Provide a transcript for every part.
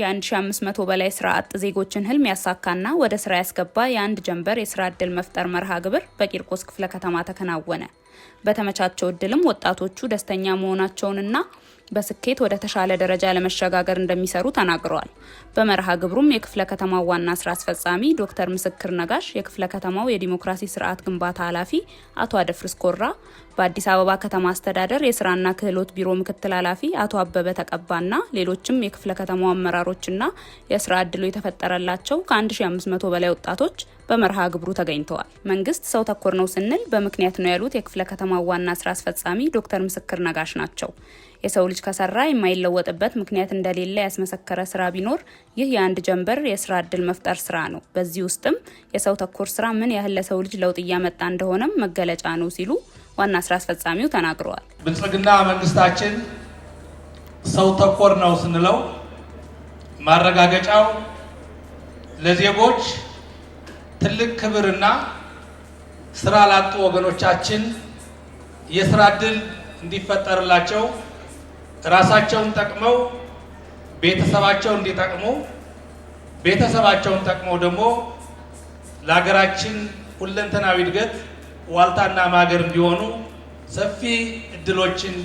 የ1500 በላይ ስራ አጥ ዜጎችን ህልም ያሳካና ወደ ስራ ያስገባ የአንድ ጀንበር የስራ ዕድል መፍጠር መርሃ ግብር በቂርቆስ ክፍለ ከተማ ተከናወነ። በተመቻቸው እድልም ወጣቶቹ ደስተኛ መሆናቸውንና በስኬት ወደ ተሻለ ደረጃ ለመሸጋገር እንደሚሰሩ ተናግረዋል። በመርሃ ግብሩም የክፍለ ከተማው ዋና ስራ አስፈጻሚ ዶክተር ምስክር ነጋሽ፣ የክፍለ ከተማው የዲሞክራሲ ስርዓት ግንባታ ኃላፊ አቶ አደፍርስ ኮራ፣ በአዲስ አበባ ከተማ አስተዳደር የስራና ክህሎት ቢሮ ምክትል ኃላፊ አቶ አበበ ተቀባና ሌሎችም የክፍለ ከተማው አመራሮችና የስራ እድሉ የተፈጠረላቸው ከ1500 በላይ ወጣቶች በመርሃ ግብሩ ተገኝተዋል። መንግስት ሰው ተኮር ነው ስንል በምክንያት ነው ያሉት የክፍለ ከተማው ዋና ስራ አስፈጻሚ ዶክተር ምስክር ነጋሽ ናቸው። የሰው ልጅ ከሰራ የማይለወጥበት ምክንያት እንደሌለ ያስመሰከረ ስራ ቢኖር ይህ የአንድ ጀንበር የስራ እድል መፍጠር ስራ ነው። በዚህ ውስጥም የሰው ተኮር ስራ ምን ያህል ለሰው ልጅ ለውጥ እያመጣ እንደሆነም መገለጫ ነው ሲሉ ዋና ስራ አስፈጻሚው ተናግረዋል። ብልጽግና መንግስታችን ሰው ተኮር ነው ስንለው ማረጋገጫው ለዜጎች ትልቅ ክብርና ስራ ላጡ ወገኖቻችን የስራ እድል እንዲፈጠርላቸው ራሳቸውን ጠቅመው ቤተሰባቸው እንዲጠቅሙ ቤተሰባቸውን ጠቅመው ደግሞ ለሀገራችን ሁለንተናዊ እድገት ዋልታና ማገር እንዲሆኑ ሰፊ እድሎችን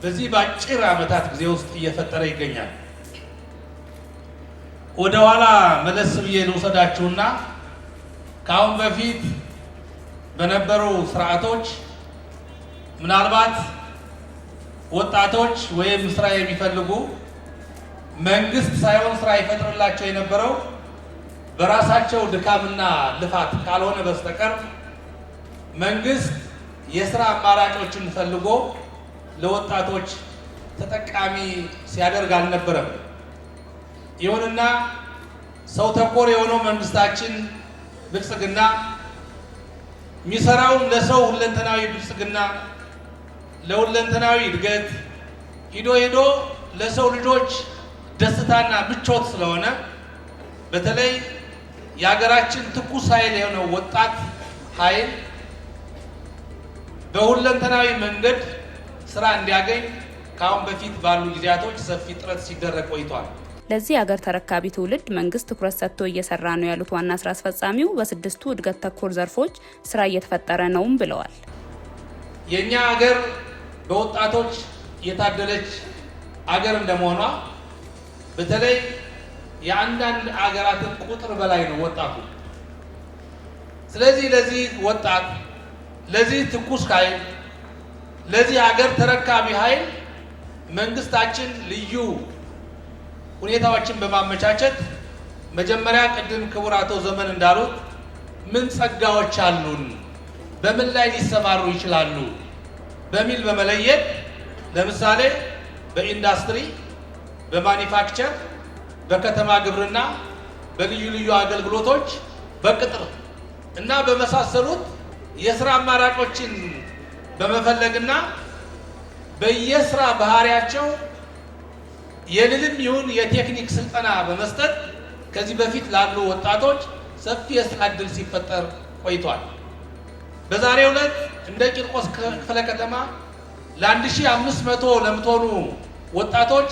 በዚህ በአጭር ዓመታት ጊዜ ውስጥ እየፈጠረ ይገኛል። ወደ ኋላ መለስ ብዬ ልውሰዳችሁና ከአሁን በፊት በነበሩ ስርዓቶች ምናልባት ወጣቶች ወይም ስራ የሚፈልጉ መንግስት ሳይሆን ስራ ይፈጥርላቸው የነበረው በራሳቸው ድካምና ልፋት ካልሆነ በስተቀር መንግስት የስራ አማራጮችን ፈልጎ ለወጣቶች ተጠቃሚ ሲያደርግ አልነበረም። ይሁንና ሰው ተኮር የሆነው መንግስታችን ብልጽግና የሚሰራውን ለሰው ሁለንተናዊ ብልጽግና ለሁለንተናዊ እድገት ሂዶ ሂዶ ለሰው ልጆች ደስታና ምቾት ስለሆነ በተለይ የሀገራችን ትኩስ ኃይል የሆነው ወጣት ኃይል በሁለንተናዊ መንገድ ስራ እንዲያገኝ ከአሁን በፊት ባሉ ጊዜያቶች ሰፊ ጥረት ሲደረግ ቆይቷል። ለዚህ አገር ተረካቢ ትውልድ መንግስት ትኩረት ሰጥቶ እየሰራ ነው ያሉት ዋና ስራ አስፈጻሚው በስድስቱ እድገት ተኮር ዘርፎች ስራ እየተፈጠረ ነውም ብለዋል። የእኛ ሀገር በወጣቶች የታደለች አገር እንደመሆኗ በተለይ የአንዳንድ አገራትን ቁጥር በላይ ነው ወጣቱ። ስለዚህ ለዚህ ወጣት ለዚህ ትኩስ ኃይል ለዚህ አገር ተረካቢ ኃይል መንግስታችን ልዩ ሁኔታዎችን በማመቻቸት መጀመሪያ ቅድም ክቡር አቶ ዘመን እንዳሉት ምን ጸጋዎች አሉን፣ በምን ላይ ሊሰማሩ ይችላሉ በሚል በመለየት ለምሳሌ በኢንዱስትሪ፣ በማኒፋክቸር፣ በከተማ ግብርና፣ በልዩ ልዩ አገልግሎቶች፣ በቅጥር እና በመሳሰሉት የስራ አማራጮችን በመፈለግና በየስራ ባህሪያቸው የልልም ይሁን የቴክኒክ ስልጠና በመስጠት ከዚህ በፊት ላሉ ወጣቶች ሰፊ የስራ እድል ሲፈጠር ቆይቷል። በዛሬው ዕለት እንደ ቂርቆስ ክፍለ ከተማ ለ1500 ለምትሆኑ ወጣቶች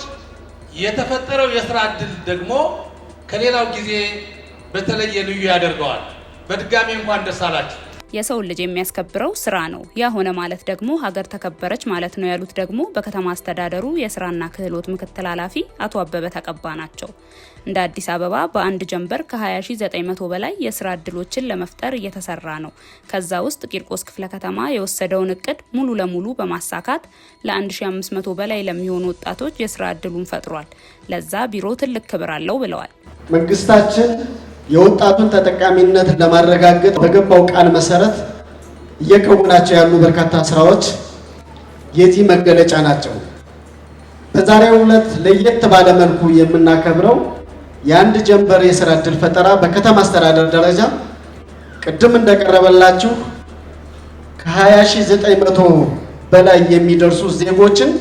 የተፈጠረው የስራ እድል ደግሞ ከሌላው ጊዜ በተለየ ልዩ ያደርገዋል። በድጋሚ እንኳን ደስ አላችሁ። የሰውን ልጅ የሚያስከብረው ስራ ነው። ያ ሆነ ማለት ደግሞ ሀገር ተከበረች ማለት ነው ያሉት ደግሞ በከተማ አስተዳደሩ የስራና ክህሎት ምክትል ኃላፊ አቶ አበበ ተቀባ ናቸው። እንደ አዲስ አበባ በአንድ ጀንበር ከ20900 በላይ የስራ እድሎችን ለመፍጠር እየተሰራ ነው። ከዛ ውስጥ ቂርቆስ ክፍለ ከተማ የወሰደውን እቅድ ሙሉ ለሙሉ በማሳካት ለ1500 በላይ ለሚሆኑ ወጣቶች የስራ እድሉን ፈጥሯል። ለዛ ቢሮ ትልቅ ክብር አለው ብለዋል። መንግስታችን የወጣቱን ተጠቃሚነት ለማረጋገጥ በገባው ቃል መሰረት እየከወናቸው ያሉ በርካታ ስራዎች የዚህ መገለጫ ናቸው። በዛሬው ዕለት ለየት ባለ መልኩ የምናከብረው የአንድ ጀንበር የስራ እድል ፈጠራ በከተማ አስተዳደር ደረጃ ቅድም እንደቀረበላችሁ ከ20,900 በላይ የሚደርሱ ዜጎችን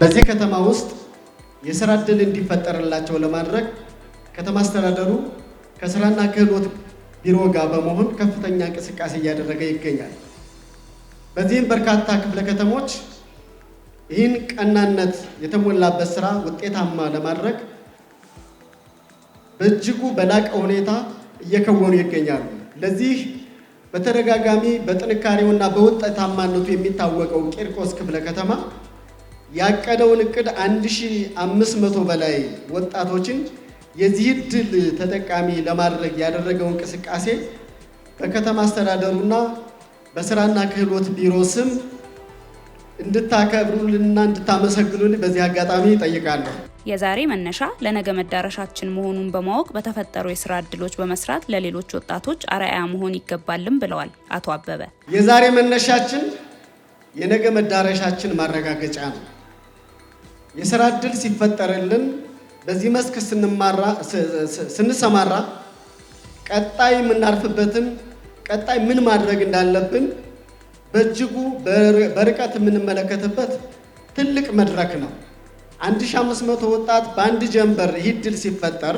በዚህ ከተማ ውስጥ የስራ እድል እንዲፈጠርላቸው ለማድረግ ከተማ አስተዳደሩ ከስራና ክህሎት ቢሮ ጋር በመሆን ከፍተኛ እንቅስቃሴ እያደረገ ይገኛል። በዚህም በርካታ ክፍለ ከተሞች ይህን ቀናነት የተሞላበት ስራ ውጤታማ ለማድረግ በእጅጉ በላቀ ሁኔታ እየከወኑ ይገኛሉ። ለዚህ በተደጋጋሚ በጥንካሬውና በውጤታማነቱ የሚታወቀው ቂርቆስ ክፍለ ከተማ ያቀደውን እቅድ 1500 በላይ ወጣቶችን የዚህ ድል ተጠቃሚ ለማድረግ ያደረገው እንቅስቃሴ በከተማ አስተዳደሩና በስራና ክህሎት ቢሮ ስም እንድታከብሩልንና እንድታመሰግኑን በዚህ አጋጣሚ ይጠይቃለሁ። የዛሬ መነሻ ለነገ መዳረሻችን መሆኑን በማወቅ በተፈጠሩ የስራ እድሎች በመስራት ለሌሎች ወጣቶች አርአያ መሆን ይገባልም ብለዋል አቶ አበበ። የዛሬ መነሻችን የነገ መዳረሻችን ማረጋገጫ ነው። የስራ እድል ሲፈጠርልን በዚህ መስክ ስንሰማራ ቀጣይ የምናርፍበትን ቀጣይ ምን ማድረግ እንዳለብን በእጅጉ በርቀት የምንመለከትበት ትልቅ መድረክ ነው። 1500 ወጣት በአንድ ጀንበር ይህ ድል ሲፈጠር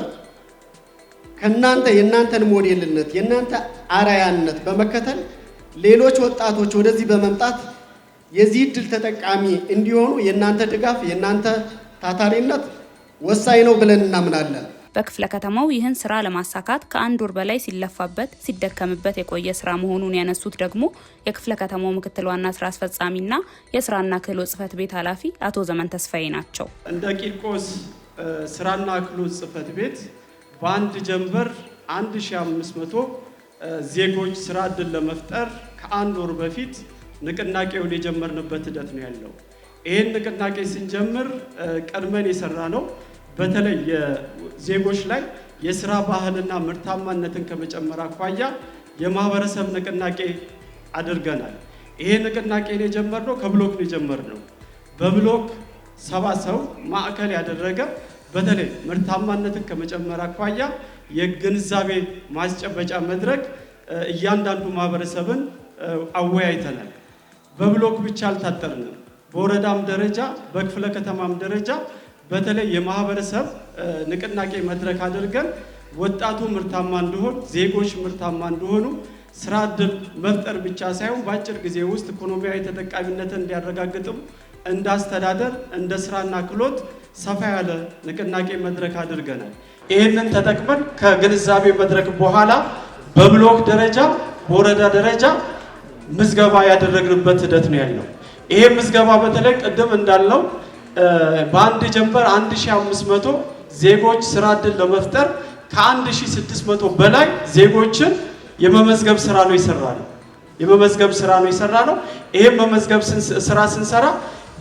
ከእናንተ የእናንተን ሞዴልነት የእናንተ አራያነት በመከተል ሌሎች ወጣቶች ወደዚህ በመምጣት የዚህ ድል ተጠቃሚ እንዲሆኑ የእናንተ ድጋፍ የእናንተ ታታሪነት ወሳኝ ነው ብለን እናምናለን። በክፍለ ከተማው ይህን ስራ ለማሳካት ከአንድ ወር በላይ ሲለፋበት ሲደከምበት የቆየ ስራ መሆኑን ያነሱት ደግሞ የክፍለ ከተማው ምክትል ዋና ስራ አስፈጻሚና የስራና ክህሎት ጽህፈት ቤት ኃላፊ አቶ ዘመን ተስፋዬ ናቸው። እንደ ቂርቆስ ስራና ክህሎት ጽህፈት ቤት በአንድ ጀንበር 1500 ዜጎች ስራ እድል ለመፍጠር ከአንድ ወር በፊት ንቅናቄውን የጀመርንበት ሂደት ነው ያለው። ይህን ንቅናቄ ስንጀምር ቀድመን የሰራ ነው በተለይ የዜጎች ላይ የስራ ባህልና ምርታማነትን ከመጨመር አኳያ የማህበረሰብ ንቅናቄ አድርገናል። ይሄ ንቅናቄ የጀመርነው ከብሎክ ነው የጀመርነው። በብሎክ ሰባ ሰው ማዕከል ያደረገ በተለይ ምርታማነትን ከመጨመር አኳያ የግንዛቤ ማስጨበጫ መድረክ እያንዳንዱ ማህበረሰብን አወያይተናል። በብሎክ ብቻ አልታጠርንም። በወረዳም ደረጃ በክፍለ ከተማም ደረጃ በተለይ የማህበረሰብ ንቅናቄ መድረክ አድርገን ወጣቱ ምርታማ እንዲሆን፣ ዜጎች ምርታማ እንዲሆኑ ስራ እድል መፍጠር ብቻ ሳይሆን በአጭር ጊዜ ውስጥ ኢኮኖሚያዊ ተጠቃሚነትን እንዲያረጋግጥም እንደ አስተዳደር እንደ ስራና ክህሎት ሰፋ ያለ ንቅናቄ መድረክ አድርገናል። ይህንን ተጠቅመን ከግንዛቤ መድረክ በኋላ በብሎክ ደረጃ በወረዳ ደረጃ ምዝገባ ያደረግንበት ሂደት ነው ያለው። ይሄ ምዝገባ በተለይ ቅድም እንዳለው በአንድ ጀንበር 1500 ዜጎች ስራ እድል ለመፍጠር ከ1600 በላይ ዜጎችን የመመዝገብ ስራ ነው የሰራ ነው የመመዝገብ ስራ ነው የሰራ ነው። ይህም መመዝገብ ስራ ስንሰራ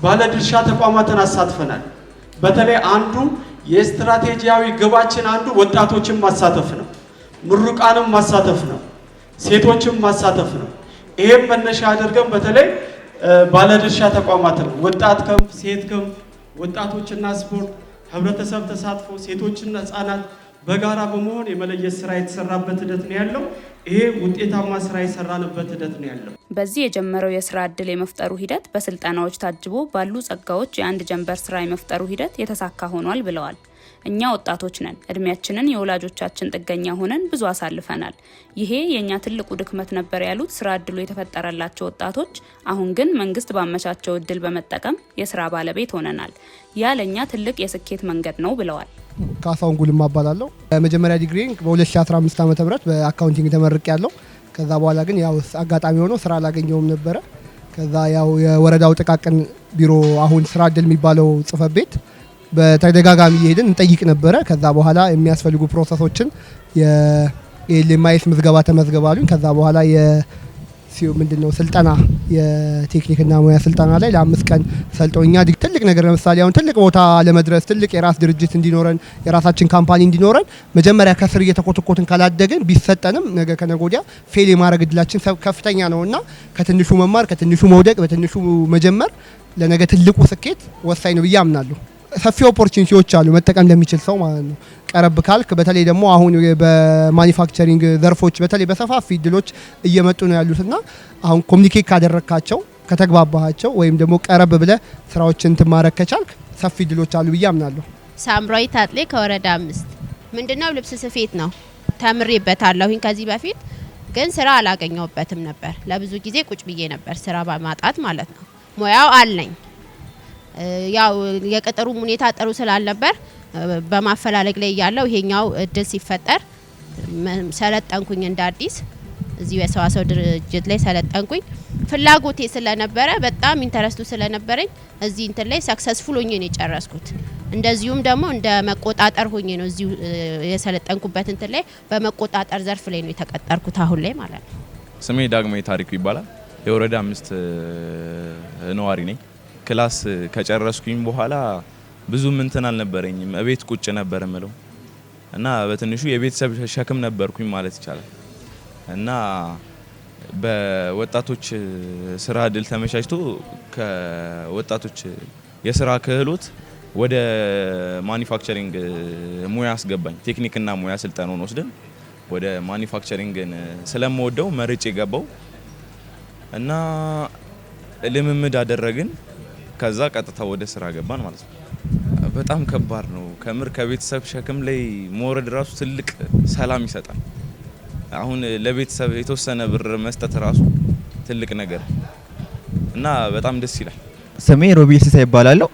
ባለድርሻ ተቋማትን አሳትፈናል። በተለይ አንዱ የስትራቴጂያዊ ግባችን አንዱ ወጣቶችን ማሳተፍ ነው። ምሩቃንም ማሳተፍ ነው። ሴቶችን ማሳተፍ ነው። ይህም መነሻ አድርገን በተለይ ባለድርሻ ተቋማት ነው ወጣት ክንፍ፣ ሴት ክንፍ፣ ወጣቶችና ስፖርት፣ ህብረተሰብ ተሳትፎ፣ ሴቶችና ህጻናት በጋራ በመሆን የመለየት ስራ የተሰራበት ሂደት ነው ያለው። ይሄ ውጤታማ ስራ የሰራንበት ሂደት ነው ያለው። በዚህ የጀመረው የስራ እድል የመፍጠሩ ሂደት በስልጠናዎች ታጅቦ ባሉ ጸጋዎች የአንድ ጀንበር ስራ የመፍጠሩ ሂደት የተሳካ ሆኗል ብለዋል። እኛ ወጣቶች ነን። እድሜያችንን የወላጆቻችን ጥገኛ ሆነን ብዙ አሳልፈናል። ይሄ የእኛ ትልቁ ድክመት ነበር ያሉት ስራ እድሉ የተፈጠረላቸው ወጣቶች፣ አሁን ግን መንግስት ባመቻቸው እድል በመጠቀም የስራ ባለቤት ሆነናል። ያ ለእኛ ትልቅ የስኬት መንገድ ነው ብለዋል። ካሳሁን ጉልማ እባላለሁ። መጀመሪያ ዲግሪ በ2015 ዓ ም በአካውንቲንግ ተመርቅ ያለው ከዛ በኋላ ግን ያው አጋጣሚ ሆኖ ስራ አላገኘውም ነበረ። ከዛ ያው የወረዳው ጥቃቅን ቢሮ አሁን ስራ እድል የሚባለው ጽህፈት ቤት በተደጋጋሚ እየሄድን እንጠይቅ ነበረ። ከዛ በኋላ የሚያስፈልጉ ፕሮሰሶችን የኤልማይስ ምዝገባ ተመዝገባ ከዛ በኋላ ምንድነው ስልጠና የቴክኒክና ሙያ ስልጠና ላይ ለአምስት ቀን ሰልጦኛ ትልቅ ነገር ለምሳሌ አሁን ትልቅ ቦታ ለመድረስ ትልቅ የራስ ድርጅት እንዲኖረን የራሳችን ካምፓኒ እንዲኖረን መጀመሪያ ከስር እየተኮተኮትን ካላደግን ቢሰጠንም ነገ ከነጎዲያ ፌል የማድረግ እድላችን ከፍተኛ ነው እና ከትንሹ መማር ከትንሹ መውደቅ በትንሹ መጀመር ለነገ ትልቁ ስኬት ወሳኝ ነው ብዬ አምናለሁ። ሰፊ ኦፖርቹኒቲዎች አሉ መጠቀም ለሚችል ሰው ማለት ነው። ቀረብ ካልክ በተለይ ደግሞ አሁን በማኒፋክቸሪንግ ዘርፎች በተለይ በሰፋፊ እድሎች እየመጡ ነው ያሉትና አሁን ኮሚኒኬት ካደረግካቸው ከተግባባቸው ወይም ደግሞ ቀረብ ብለ ስራዎችን ትማረክ ከቻልክ ሰፊ ድሎች አሉ ብዬ አምናለሁ። ሳምራዊ ታጥሌ ከወረዳ አምስት ምንድነው ልብስ ስፌት ነው ተምሬበታለሁኝ ከዚህ በፊት ግን ስራ አላገኘውበትም ነበር። ለብዙ ጊዜ ቁጭ ብዬ ነበር ስራ በማጣት ማለት ነው። ሙያው አለኝ ያው የቅጥሩም ሁኔታ ጥሩ ስላልነበር በማፈላለግ ላይ እያለው ይሄኛው እድል ሲፈጠር ሰለጠንኩኝ። እንደ አዲስ እዚሁ የሰዋሰው ድርጅት ላይ ሰለጠንኩኝ። ፍላጎቴ ስለነበረ በጣም ኢንተረስቱ ስለነበረኝ እዚህ እንትን ላይ ሰክሰስፉል ሆኜ ነው የጨረስኩት። እንደዚሁም ደግሞ እንደ መቆጣጠር ሆኜ ነው እዚሁ የሰለጠንኩበት እንትን ላይ በመቆጣጠር ዘርፍ ላይ ነው የተቀጠርኩት አሁን ላይ ማለት ነው። ስሜ ዳግማዊ ታሪኩ ይባላል። የወረዳ አምስት ነዋሪ ነኝ። ክላስ ከጨረስኩኝ በኋላ ብዙ ምንትን አልነበረኝም። እቤት ቁጭ ነበር ምለው እና በትንሹ የቤተሰብ ሸክም ነበርኩኝ ማለት ይቻላል። እና በወጣቶች ስራ እድል ተመቻችቶ ከወጣቶች የስራ ክህሎት ወደ ማኒፋክቸሪንግ ሙያ አስገባኝ። ቴክኒክና ሙያ ስልጠናውን ወስደን ወደ ማኒፋክቸሪንግን ስለምወደው መርጬ ገባው እና ልምምድ አደረግን። ከዛ ቀጥታ ወደ ስራ ገባን ማለት ነው። በጣም ከባድ ነው ከምር ከቤተሰብ ሸክም ላይ መውረድ ራሱ ትልቅ ሰላም ይሰጣል። አሁን ለቤተሰብ የተወሰነ ብር መስጠት ራሱ ትልቅ ነገር እና በጣም ደስ ይላል። ስሜ ሮቤል ሲሳይ ይባላለሁ።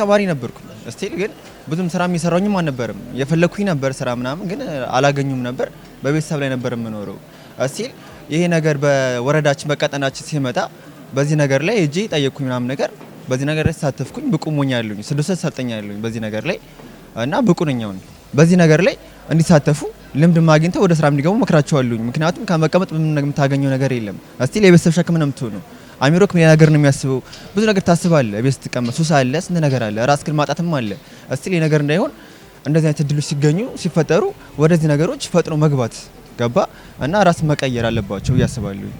ተማሪ ነበርኩ ስቲል ግን ብዙም ስራ የሚሰራኝም አልነበርም። የፈለግኩኝ ነበር ስራ ምናምን ግን አላገኙም ነበር። በቤተሰብ ላይ ነበር የምኖረው። ስቲል ይሄ ነገር በወረዳችን በቀጠናችን ሲመጣ በዚህ ነገር ላይ እጅ ጠየቅኩኝ ምናምን ነገር በዚህ ነገር ላይ ተሳተፍኩኝ ብቁ ሞኛ ያለኝ ስድስት ሰጠኛ ያለኝ በዚህ ነገር ላይ እና ብቁ ነኝ። አሁን በዚህ ነገር ላይ እንዲሳተፉ ልምድ ማግኝተው ወደ ስራ እንዲገቡ መክራቸዋለሁኝ። ምክንያቱም ከመቀመጥ የምታገኘው ነገር የለም። እስቲ የቤተሰብ ሸክም ነው የምትሆኑ። አሚሮክ ሌላ ነገር ነው የሚያስበው። ብዙ ነገር ታስባለ። ቤት ስትቀመጥ ሱስ አለ፣ ስንት ነገር አለ፣ ራስ ክል ማጣትም አለ። እስቲ ነገር እንዳይሆን እንደዚህ አይነት እድሎች ሲገኙ ሲፈጠሩ ወደዚህ ነገሮች ፈጥኖ መግባት ገባ እና ራስ መቀየር አለባቸው እያስባለሁ።